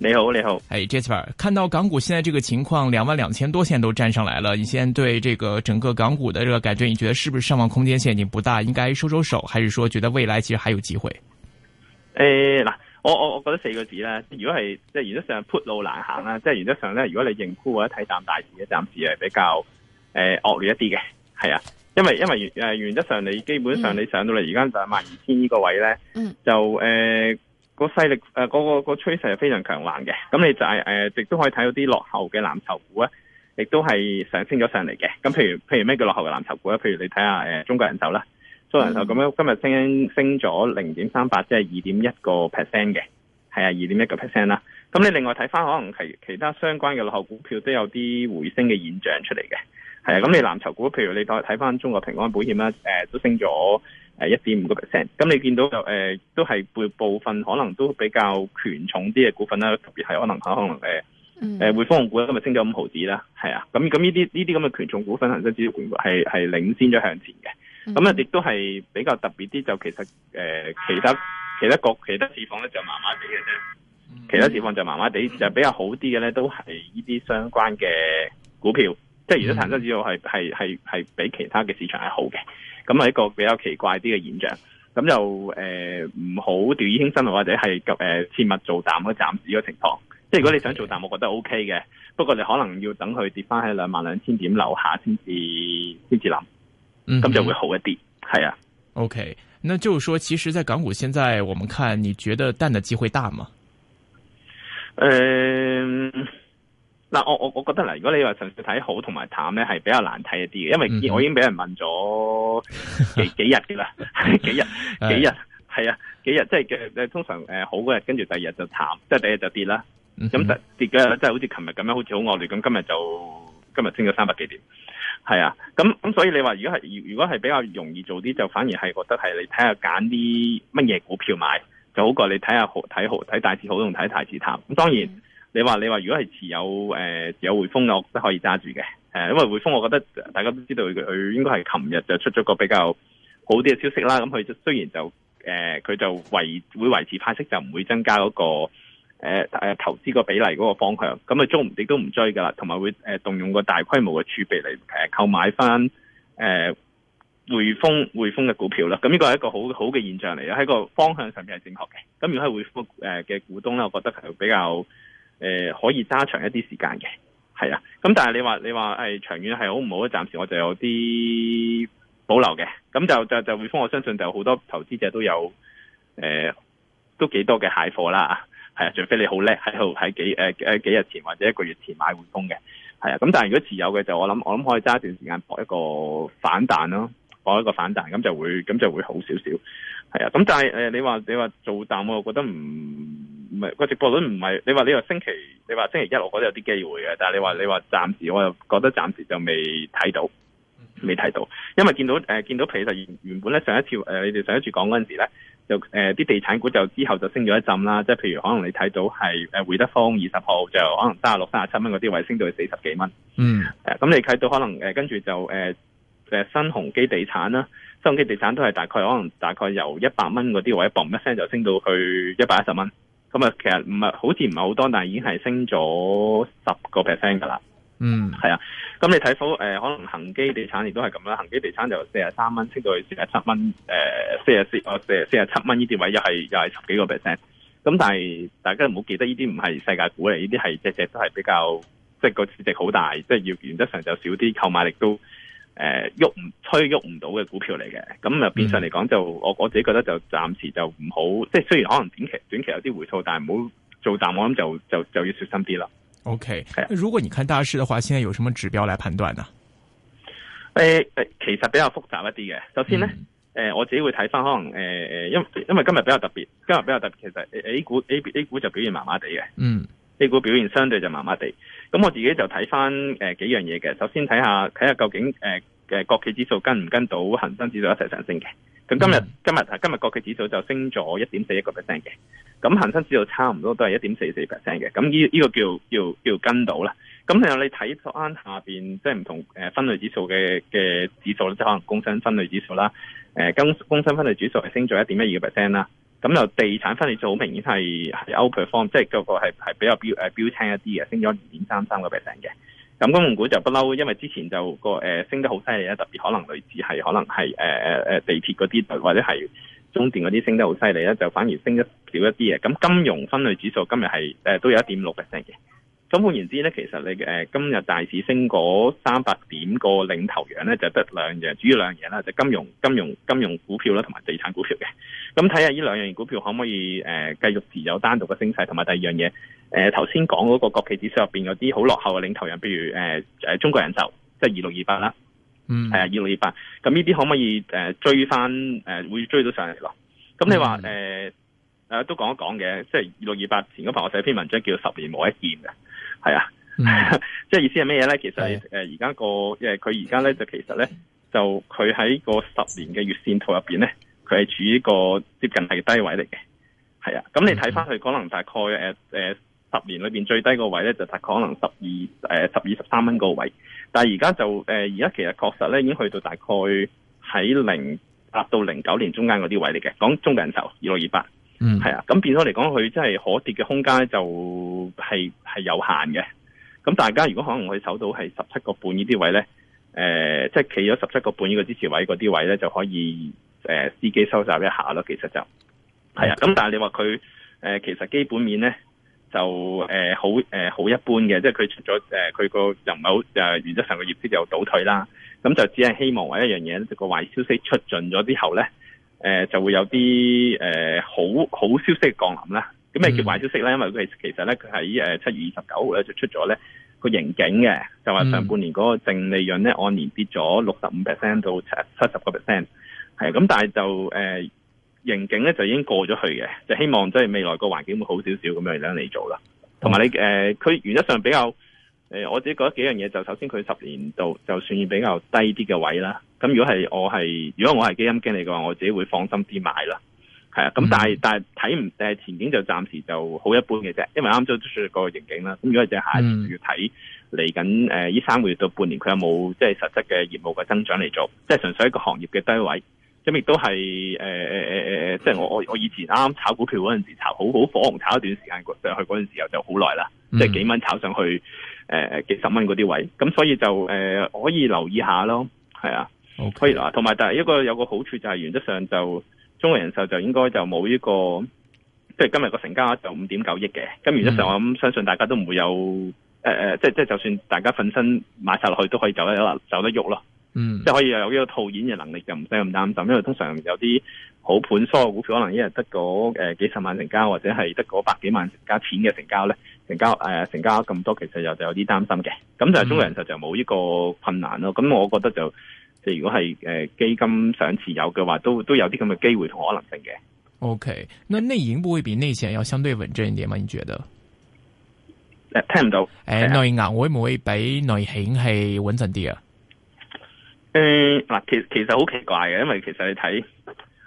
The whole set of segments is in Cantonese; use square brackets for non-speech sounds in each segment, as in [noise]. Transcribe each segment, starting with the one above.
你好，你好。Jasper，看到港股現在這個情況，兩萬兩千多線都站上來了。你先對這個整個港股的這個感覺，你覺得是不是上望空間線已經不大，應該收收手，還是說覺得未來其實還有機會？誒，嗱，我我我覺得四個字咧，如果係即係原則上鋪路難行啦，即係原則上咧，如果你認沽或者睇淡大市嘅暫時係比較誒、呃、惡劣一啲嘅，係啊，因為因為原誒、呃、原則上你基本上你上到嚟而家就係兩萬二千呢個位咧、嗯，就誒。呃勢那個勢力誒，嗰個個趨勢係非常強橫嘅。咁你就係誒，亦都可以睇到啲落後嘅藍籌股咧，亦都係上升咗上嚟嘅。咁譬如譬如咩叫落後嘅藍籌股咧？譬如你睇下誒，中國人壽啦，中國人壽咁樣今日升升咗零點三八，即係二點一個 percent 嘅，係啊，二點一個 percent 啦。咁你另外睇翻可能係其他相關嘅落後股票都有啲回升嘅現象出嚟嘅，係啊。咁你藍籌股譬如你再睇翻中國平安保險啦，誒，都升咗。誒，一點五個 percent，咁你見到就誒、呃，都係部部分可能都比較權重啲嘅股份啦，特別係可能可能誒，誒匯豐股今日升咗五毫子啦，係啊，咁咁呢啲呢啲咁嘅權重股份其實只係主要係係領先咗向前嘅，咁啊亦都係比較特別啲，就其實誒、呃、其他其他國其他市況咧就麻麻地嘅啫，其他市況就麻麻地，就比較好啲嘅咧都係呢啲相關嘅股票。嗯、即係如果恒生指數係係係係比其他嘅市場係好嘅，咁係一個比較奇怪啲嘅現象。咁就誒唔好掉以輕心或者係切勿做淡嗰個暫時情況。即係如果你想做淡，okay. 我覺得 O K 嘅。不過你可能要等佢跌翻喺兩萬兩千點樓下先至先至諗。嗯，咁就會好一啲。係、嗯、啊，O K。Okay. 那就是說，其實在港股，現在我們看，你覺得淡嘅機會大嗎、呃嗱，我我我覺得啦，如果你話純粹睇好同埋淡咧，係比較難睇一啲嘅，因為我已經俾人問咗幾幾日嘅啦，幾日 [laughs] 幾日係 [laughs] 啊，幾日即係通常誒好日，跟住第二日就淡，即係第二日就跌啦。咁、嗯嗯、跌跌嘅即係好似琴日咁樣，好似好惡劣，咁今日就今日升咗三百幾點，係啊。咁咁所以你話如果係如果係比較容易做啲，就反而係覺得係你睇下揀啲乜嘢股票買，就好過你睇下好睇好睇大市好同睇大市淡。咁當然。嗯你話你話，如果係持有誒有匯豐嘅，我都可以揸住嘅誒，因為匯豐，我覺得，我覺得大家都知道佢佢應該係琴日就出咗個比較好啲嘅消息啦。咁佢雖然就誒佢、呃、就維會維持派息，就唔會增加嗰、那個誒誒、呃、投資個比例嗰個方向，咁啊追你都唔追噶啦，同埋會誒動用個大規模嘅儲備嚟誒購買翻誒匯豐匯豐嘅股票啦。咁呢個係一個好好嘅現象嚟嘅，喺個方向上面係正確嘅。咁如果係匯豐誒嘅股東咧，我覺得係比較。誒、呃，可以揸長一啲時間嘅，係啊，咁但係你話你話係長遠係好唔好咧？暫時我就有啲保留嘅，咁就就就匯豐，會我相信就好多投資者都有誒、呃，都幾多嘅蟹貨啦，係啊，除非你好叻喺度喺幾誒誒、呃、幾日前或者一個月前買匯豐嘅，係啊，咁但係如果持有嘅就我諗我諗可以揸一段時間搏一個反彈咯。攞一個反彈，咁就會咁就會好少少，係啊。咁但係誒、呃，你話你話做淡，我覺得唔唔係個直播率唔係。你話你話星期，你話星期一，我覺得有啲機會嘅。但係你話你話暫時，我又覺得暫時就未睇到，未睇到。因為見到誒、呃、見到其實原，原本咧上一次誒、呃、你哋上一次講嗰陣時咧，就誒啲、呃、地產股就之後就升咗一陣啦。即係譬如可能你睇到係誒會德豐二十號就可能三十六、三十七蚊嗰啲位升到去四十幾蚊。嗯。誒、呃、咁你睇到可能誒、呃、跟住就誒。呃誒、就是、新鴻基地產啦，新鴻基地產都係大概可能大概由一百蚊嗰啲位，嘣一聲就升到去一百一十蚊。咁啊，其實唔係，好似唔係好多，但係已經係升咗十個 percent 㗎喇。嗯，係啊。咁你睇翻誒，可能恒基地產亦都係咁啦。恒基地產就四十三蚊升到去四十七蚊，誒四十四哦四四十七蚊呢啲位又係又係十幾個 percent。咁但係大家唔好記得呢啲唔係世界股嚟，呢啲係隻隻都係比較即係個市值好大，即係要原則上就少啲購買力都。誒、呃，喐唔吹喐唔到嘅股票嚟嘅，咁啊變相嚟講就、嗯、我我自己覺得就暫時就唔好，即係雖然可能短期短期有啲回吐，但係唔好做淡，我諗就就就要小心啲啦。OK，係啊。如果你看大市嘅話，現在有什麼指標嚟判斷呢？誒、呃、誒、呃，其實比較複雜一啲嘅。首先咧，誒、嗯呃、我自己會睇返，可能誒誒、呃，因為因為今日比較特別，今日比較特別，其實 A 股 A 股就表現麻麻地嘅。嗯。呢股表現相對就麻麻地，咁我自己就睇翻誒幾樣嘢嘅。首先睇下睇下究竟誒誒、呃、國企指數跟唔跟到恒生指數一齊上升嘅？咁今日、嗯、今日啊，今日國企指數就升咗一點四一個 percent 嘅，咁恒生指數差唔多都係一點四四 percent 嘅。咁呢依個叫叫叫，叫跟到啦。咁然後你睇左啱下邊，即係唔同誒分類指數嘅嘅指數，即係可能工商分類指數啦，誒更工商分類指數係升咗一點一二個 percent 啦。咁又地產分類就好明顯係係 outperform 即係個個係比較標誒標青一啲嘅，升咗二點三三個 percent 嘅。咁金融股就不嬲，因為之前就個誒升得好犀利啊，特別可能類似係可能係誒誒誒地鐵嗰啲，或者係中電嗰啲升得好犀利咧，就反而升一少一啲嘅。咁金融分類指數今日係誒都有一點六 percent 嘅。咁換言之咧，其實你誒今日大市升嗰三百點個領頭羊咧，就得兩樣，主要兩樣啦，就金融、金融、金融股票啦，同埋地產股票嘅。咁睇下呢兩樣股票可唔可以誒繼續持有單獨嘅升勢，同埋第二樣嘢誒頭先講嗰個國企指數入邊有啲好落後嘅領頭人，譬如誒、呃、中國人壽，即係二六二八啦，嗯，係、呃、啊，二六二八。咁呢啲可唔可以誒追翻誒會追到上嚟咯？咁你話誒都講一講嘅，即係二六二八前嗰排我寫篇文章叫十年冇一見》嘅，係啊，即、嗯、係 [laughs] 意思係咩嘢咧？其實誒而家個誒佢而家咧就其實咧就佢喺個十年嘅月線圖入邊咧。佢係處於一個接近係低位嚟嘅，係啊。咁你睇翻佢，可能大概誒誒、呃、十年裏邊最低個位咧，就大概可能十二誒十二十三蚊嗰個位。但係而家就誒而家其實確實咧，已經去到大概喺零八到零九年中間嗰啲位嚟嘅。講中國人壽二六二八，2628，嗯，係啊。咁變咗嚟講，佢真係可跌嘅空間就係係有限嘅。咁大家如果可能去守到係十七個半呢啲位咧，誒、呃、即係企咗十七個半呢個支持位嗰啲位咧，就可以。誒，司機收集一下咯，其實就係啊，咁、okay. 但係你話佢誒，其實基本面咧就誒、呃、好誒、呃、好一般嘅，即係佢出咗誒，佢、呃、個就唔係好誒原則上個業績又倒退啦。咁就只係希望話一樣嘢咧，呢個壞消息出盡咗之後咧，誒、呃、就會有啲誒、呃、好好消息降臨啦。咁咩叫壞消息咧？Mm-hmm. 因為佢其實咧，佢喺誒七月二十九號咧就出咗咧個盈警嘅，就話上半年嗰個淨利潤咧按年跌咗六十五 percent 到七七十個 percent。係咁，但係就誒盈警咧就已經過咗去嘅，就是、希望即係未來個環境會好少少咁樣嚟做啦。同埋你誒，佢、呃、原則上比較、呃、我自己覺得幾樣嘢就首先佢十年度就算比較低啲嘅位啦。咁如果係我係如果我係基金經理嘅話，我自己會放心啲買啦。係啊，咁但係、嗯、但睇唔前景就暫時就好一般嘅啫，因為啱啱都出個盈警啦。咁如果即係下一月要睇嚟緊誒呢三個月到半年，佢有冇即係實質嘅業務嘅增長嚟做，即係純粹一個行業嘅低位。咁亦都係、呃呃、即係我我我以前啱啱炒股票嗰陣時，炒好好火紅，炒一段時間上去嗰陣時候就好耐啦，即係幾蚊炒上去、呃、幾十蚊嗰啲位，咁所以就、呃、可以留意下咯，係啊，可以啦。同埋但係一個有個好處就係原則上就中國人壽就應該就冇呢個，即係今日個成交額就五點九億嘅，咁原則上我諗、嗯、相信大家都唔會有、呃、即係即係就算大家瞓身買晒落去都可以走得走得喐咯。嗯，即係可以有呢個套現嘅能力，就唔使咁擔心，因為通常有啲好盤、疏嘅股票，可能一日得嗰誒幾十萬成交，或者係得嗰百幾萬成交錢嘅成交咧，成交誒、呃、成交咁多，其實又就有啲擔心嘅。咁就係中國人壽就冇呢個困難咯。咁、嗯、我覺得就即係如果係誒基金想持有嘅話，都都有啲咁嘅機會同可能性嘅。O、okay. K，那內銀會唔會比內險要相對穩陣一點嗎？你覺得？誒，聽唔到誒，內、呃、銀會唔會比內險係穩陣啲啊？嗱，其其實好奇怪嘅，因為其實你睇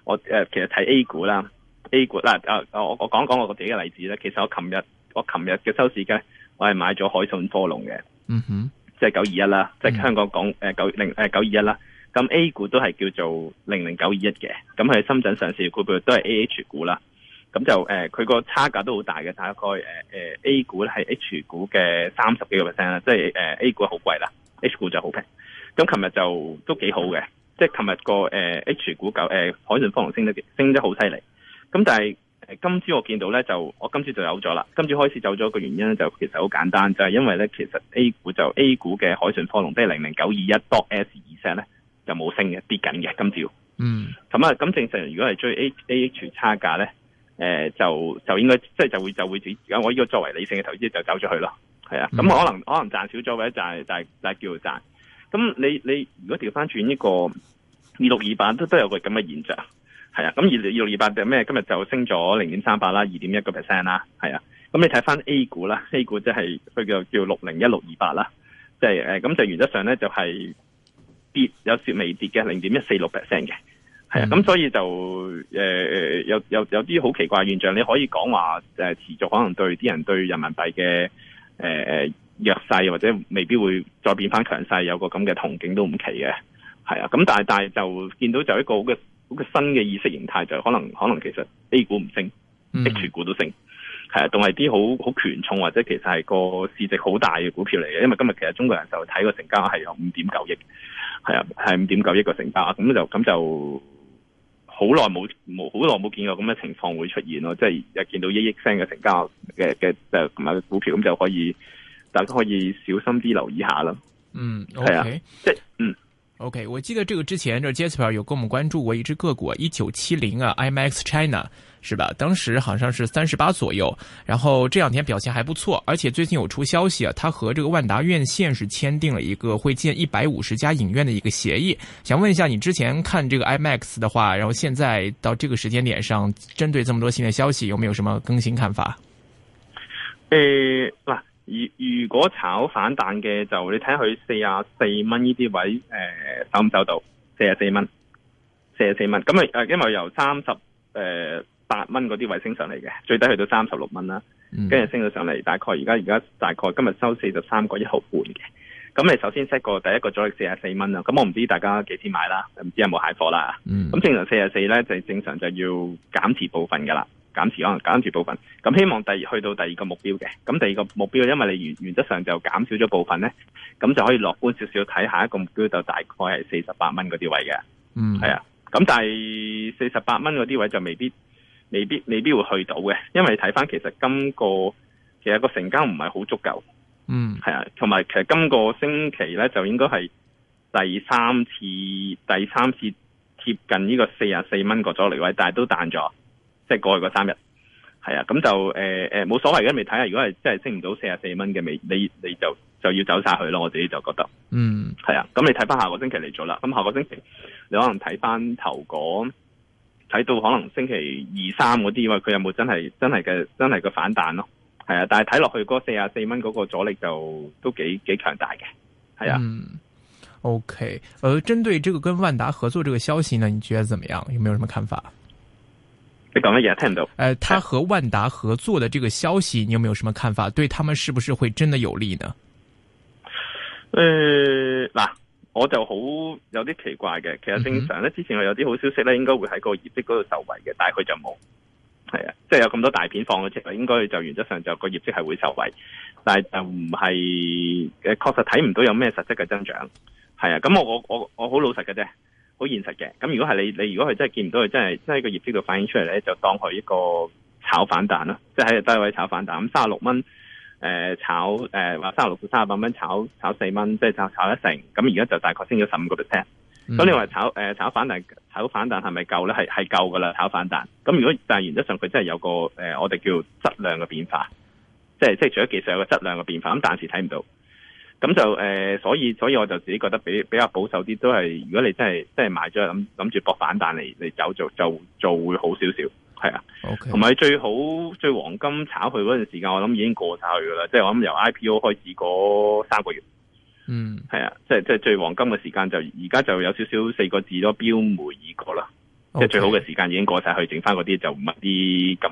我誒，其實睇 A 股啦，A 股啦，誒，我我講講我自己嘅例子啦。其實我琴日我琴日嘅收市嘅，我係買咗海信科龍嘅，嗯哼，即係九二一啦，即係香港港誒九零誒九二一啦。咁 A 股都係叫做零零九二一嘅，咁喺深圳上市的股、AH 股，股票都係 A H 股啦。咁就誒，佢個差價都好大嘅，大概誒誒、呃、A 股咧係 H 股嘅三十幾個 percent 啦，即係誒 A 股好貴啦，H 股就好平。咁琴日就都幾好嘅，即係琴日個誒 H 股就誒海信科龍升得升得好犀利。咁但係今朝我見到咧，就我今朝就有咗啦。今朝開始走咗，個原因咧就其實好簡單，就係、是、因為咧其實 A 股就 A 股嘅海信科龍即係零零九二一 dot S 二 s 呢，咧就冇升嘅，跌緊嘅今朝。嗯，咁啊，咁正常如果係追 A A H 差價咧，誒就就應該即係就會就會自己而家我呢個作為理性嘅投資就走咗去咯。係啊，咁、mm. 可能可能賺少咗或者賺大大叫做賺。咁你你如果調翻轉呢個二六二八都都有個咁嘅現象，係啊，咁二二六二八係咩？今日就升咗零點三八啦，二點一個 percent 啦，係啊。咁你睇翻 A 股啦，A 股即係佢叫叫六零一六二八啦，即係誒，咁、呃、就原則上咧就係、是、跌有少微跌嘅零點一四六 percent 嘅，係啊。咁、嗯、所以就誒、呃、有有有啲好奇怪現象，你可以講話誒持續可能對啲人對人民幣嘅誒誒。呃弱勢或者未必會再變翻強勢，有個咁嘅同景都唔奇嘅，係啊。咁但係但係就見到就一個好嘅好嘅新嘅意識形態，就可能可能其實 A 股唔升，mm.，H 股都升，係啊，仲係啲好好權重或者其實係個市值好大嘅股票嚟嘅。因為今日其實中國人就睇個成交係有五點九億，係啊，係五點九億個成交額。咁就咁就好耐冇冇好耐冇見過咁嘅情況會出現咯。即係一見到一億升嘅成交額嘅嘅就同埋股票咁就可以。大家可以小心啲留意下啦。嗯，OK 嗯，OK。啊、嗯 okay，我記得這個之前，就、這個、Jasper 有跟我們關注過一隻個股，一九七零啊，IMAX China，是吧？當時好像是三十八左右，然後這兩天表現還不錯，而且最近有出消息啊，它和這個萬達院線是簽訂了一個會建一百五十家影院的一個協議。想問一下，你之前看這個 IMAX 的話，然後現在到這個時間點上，針對這麼多新的消息，有沒有什麼更新看法？誒、嗱、啊。如如果炒反彈嘅就你睇下佢四啊四蚊呢啲位，誒、呃、收唔收到？四啊四蚊，四啊四蚊咁咪，因為由三十八蚊嗰啲位升上嚟嘅，最低去到三十六蚊啦，跟住升咗上嚟，大概而家而家大概今日收四十三個一毫半嘅，咁咪首先 set 個第一個阻力四啊四蚊啦，咁我唔知大家幾時買啦，唔知有冇蟹貨啦，咁、嗯、正常四啊四咧就正常就要減持部分噶啦。減持可能減持部分，咁希望第二去到第二個目標嘅，咁第二個目標，因為你原原則上就減少咗部分呢，咁就可以樂觀少少睇下一個目標就大概係四十八蚊嗰啲位嘅，嗯，係啊，咁但係四十八蚊嗰啲位就未必未必未必會去到嘅，因為你睇翻其實今個其實個成交唔係好足夠，嗯，係啊，同埋其實今個星期呢，就應該係第三次第三次貼近呢個四啊四蚊嗰阻力位，但係都彈咗。即係過去嗰三日，係啊，咁就誒誒冇所謂嘅，未睇下。如果係真係升唔到四十四蚊嘅，未，你你就就要走晒去咯。我自己就覺得，嗯，係啊。咁你睇翻下個星期嚟咗啦。咁下個星期你可能睇翻頭果，睇到可能星期二三嗰啲，因為佢有冇真係真係嘅真係嘅反彈咯？係啊。但係睇落去嗰四十四蚊嗰個阻力就都幾幾強大嘅，係啊。嗯。OK。而、呃、針對這個跟萬達合作這個消息呢，你覺得怎麼樣？有沒有什麼看法？你講乜嘢？聽唔到。誒、呃，他和萬達合作嘅這個消息，你有沒有什麼看法？對他們是不是會真的有利呢？誒、呃，嗱，我就好有啲奇怪嘅。其實正常呢，之前我有啲好消息呢，應該會喺個業績嗰度受惠嘅，但係佢就冇。係啊，即係有咁多大片放咗，嘅，應該就原則上就個業績係會受惠，但係就唔係誒，確實睇唔到有咩實質嘅增長。係啊，咁我我我我好老實嘅啫。好現實嘅，咁如果係你，你如果係真係見唔到佢真係喺個業績度反映出嚟咧，就當佢一個炒反彈啦，即係喺低位炒反彈。咁三十六蚊，誒炒誒話三十六至三十八蚊，炒、呃、炒四蚊，即係炒、就是、炒一成。咁而家就大概升咗十五個 percent。咁你話炒炒反彈，炒反彈係咪夠咧？係係夠㗎喇，炒反彈。咁如果但係原則上佢真係有個、呃、我哋叫質量嘅變化，即係即係除咗技術有一個質量嘅變化，咁暫時睇唔到。咁就誒、呃，所以所以我就自己覺得比比較保守啲，都係如果你真係真係買咗，諗諗住搏反彈嚟嚟走做，就做，做會好少少，係啊。OK，同埋最好最黃金炒去嗰陣時間，我諗已經過晒去噶啦，即係我諗由 IPO 開始嗰三個月，嗯，係啊，即係即係最黃金嘅時間就而家就有少少四個字都標梅二個啦，okay。即係最好嘅時間已經過晒去，剩翻嗰啲就唔係啲咁。.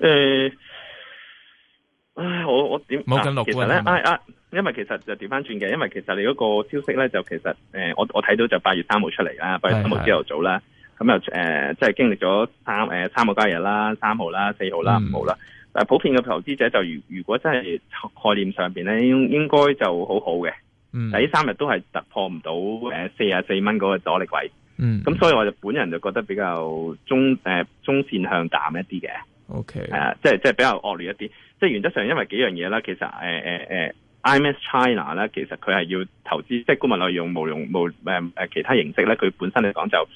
誒，我我點冇咁樂觀咧，因為其實就調翻轉嘅，因為其實你嗰個消息咧，就其實誒、呃，我我睇到就八月三號出嚟啦，八月三號朝頭早啦，咁又誒，即、呃、係、就是、經歷咗三誒、呃、三個交易日啦，三號啦，四號啦、嗯，五號啦。但普遍嘅投資者就如如果真係概念上邊咧，應應該就好好嘅。呢、嗯、三日都係突破唔到誒四啊四蚊嗰個阻力位。咁、嗯、所以我就本人就覺得比較中誒中線向淡一啲嘅。O K，係啊，即係即係比較惡劣一啲，即係原則上因為幾樣嘢啦，其實誒誒、呃、誒，I、呃、M S China 咧，其實佢係要投資，即係公民內容、無用無誒誒、呃、其他形式咧，佢本身嚟講就誒，佢、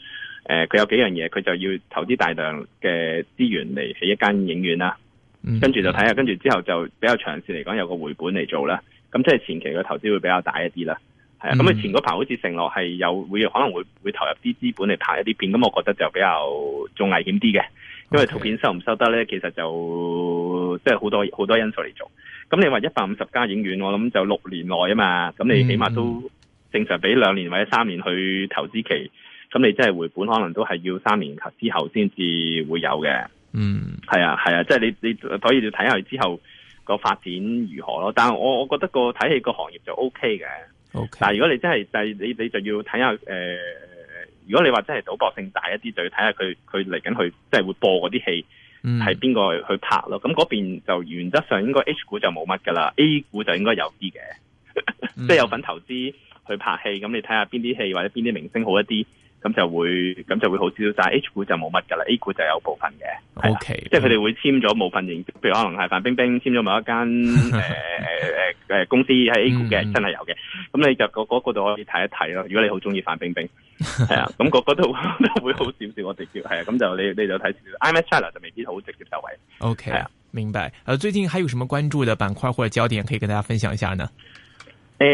呃、有幾樣嘢，佢就要投資大量嘅資源嚟起一間影院啦，跟、mm-hmm. 住就睇下，跟住之後就比較長線嚟講有個回本嚟做啦，咁即係前期嘅投資會比較大一啲啦，係啊，咁、mm-hmm. 佢、嗯、前嗰排好似承諾係有會可能會會投入啲資本嚟拍一啲片，咁我覺得就比較仲危險啲嘅。Okay. 因為圖片收唔收得呢，其實就即係好多好多因素嚟做。咁你話一百五十家影院，我諗就六年內啊嘛。咁你起碼都正常俾兩年或者三年去投資期，咁你真係回本，可能都係要三年之後先至會有嘅。嗯，係啊，係啊，即係你你可以要睇下之後個發展如何咯。但係我我覺得個睇戲個行業就 O K 嘅。Okay. 但係如果你真係第、就係、你你就要睇下誒。呃如果你話真係賭博性大一啲，就要睇下佢佢嚟緊去即係、就是、會播嗰啲戲係邊個去拍咯。咁嗰邊就原則上應該 H 股就冇乜噶啦，A 股就應該有啲嘅，即 [laughs] 係、嗯、有份投資去拍戲。咁你睇下邊啲戲或者邊啲明星好一啲。咁就會咁就會好少少，但係 H 股就冇乜㗎喇，A 股就有部分嘅，O K，即係佢哋會簽咗冇份型，譬如可能係范冰冰簽咗某一間誒誒誒公司喺 A 股嘅、嗯，真係有嘅，咁你就嗰度、那個那個、可以睇一睇咯。如果你好中意范冰冰，係 [laughs] 啊，咁、那、嗰個度、那個、都會好少少，我直接係啊，咁就你你就睇，I Mac China 就未必好直接就位。O、okay, K 啊，明白。誒，最近還有什麼關注嘅板塊或者焦點可以跟大家分享一下呢？誒、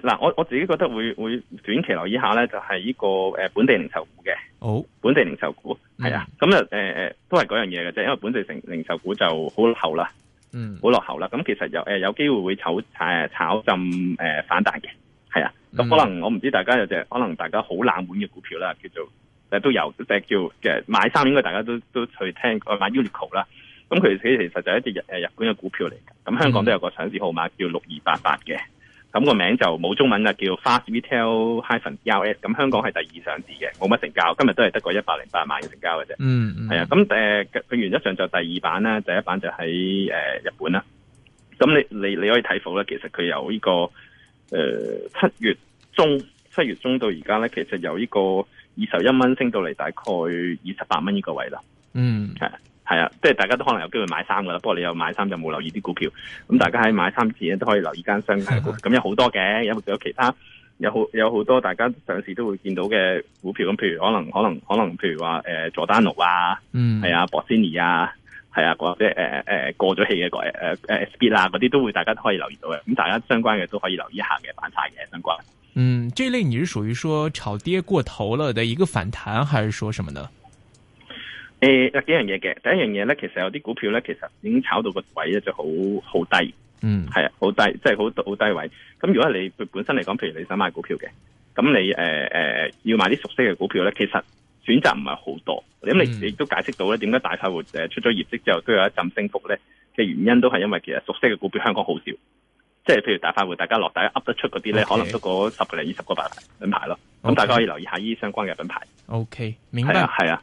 呃，嗱，我我自己覺得會會短期留意一下咧，就係、是、呢個誒本地零售股嘅。好、oh.，本地零售股係、mm. 啊，咁啊誒誒，都係嗰樣嘢嘅啫。因為本地成零售股就好落後啦、mm.，嗯，好落後啦。咁其實有誒、呃、有機會會炒誒炒浸誒、呃、反彈嘅，係啊。咁、mm. 可能我唔知大家有隻可能大家好冷門嘅股票啦，叫做誒都有，即係叫嘅買衫應該大家都都去聽，誒買 Uniqlo 啦。咁、嗯、佢、嗯、其實就係一隻日誒日本嘅股票嚟嘅。咁香港都有個上市號碼叫六二八八嘅。咁個名就冇中文啦，叫 Fast Retail-DRS。咁香港係第二上市嘅，冇乜成交，今日都係得個一百零八萬嘅成交嘅啫。嗯，係、嗯、啊。咁誒，佢、呃、原則上就第二版啦，第一版就喺誒、呃、日本啦。咁你你你可以睇到咧，其實佢由呢、這個誒、呃、七月中七月中到而家咧，其實由呢個二十一蚊升到嚟大概二十八蚊呢個位啦。嗯，係啊，即係大家都可能有機會買衫噶啦，不過你有買衫就冇留意啲股票，咁大家喺買衫前都可以留意間新股，咁有好多嘅，有有其他有好有好多大家上市都會見到嘅股票，咁譬如可能可能可能譬如話誒佐丹奴啊，係啊博斯尼啊，係啊誒誒過咗氣嘅誒誒 S B 啦，嗰啲都會大家可以留意到嘅，咁大家相關嘅都可以留意一下嘅反彈嘅相關。嗯，這一類你是屬於說炒跌過頭了的一個反彈，還是說什麼呢？誒、哎，有幾樣嘢嘅。第一樣嘢咧，其實有啲股票咧，其實已經炒到個位咧就好好低。嗯，係啊，好低，即係好好低位。咁如果你本身嚟講，譬如你想買股票嘅，咁你誒誒、呃、要買啲熟悉嘅股票咧，其實選擇唔係好多。咁、嗯、你都解釋到咧，點解大快活誒出咗業績之後都有一陣升幅咧？嘅原因都係因為其實熟悉嘅股票香港好少。即係譬如大快活，大家落大家 up 得出嗰啲咧，okay, 可能都過個十個零二十個品牌咯。咁、okay, 大家可以留意下呢啲相關嘅品牌。OK，明白。係啊，係啊。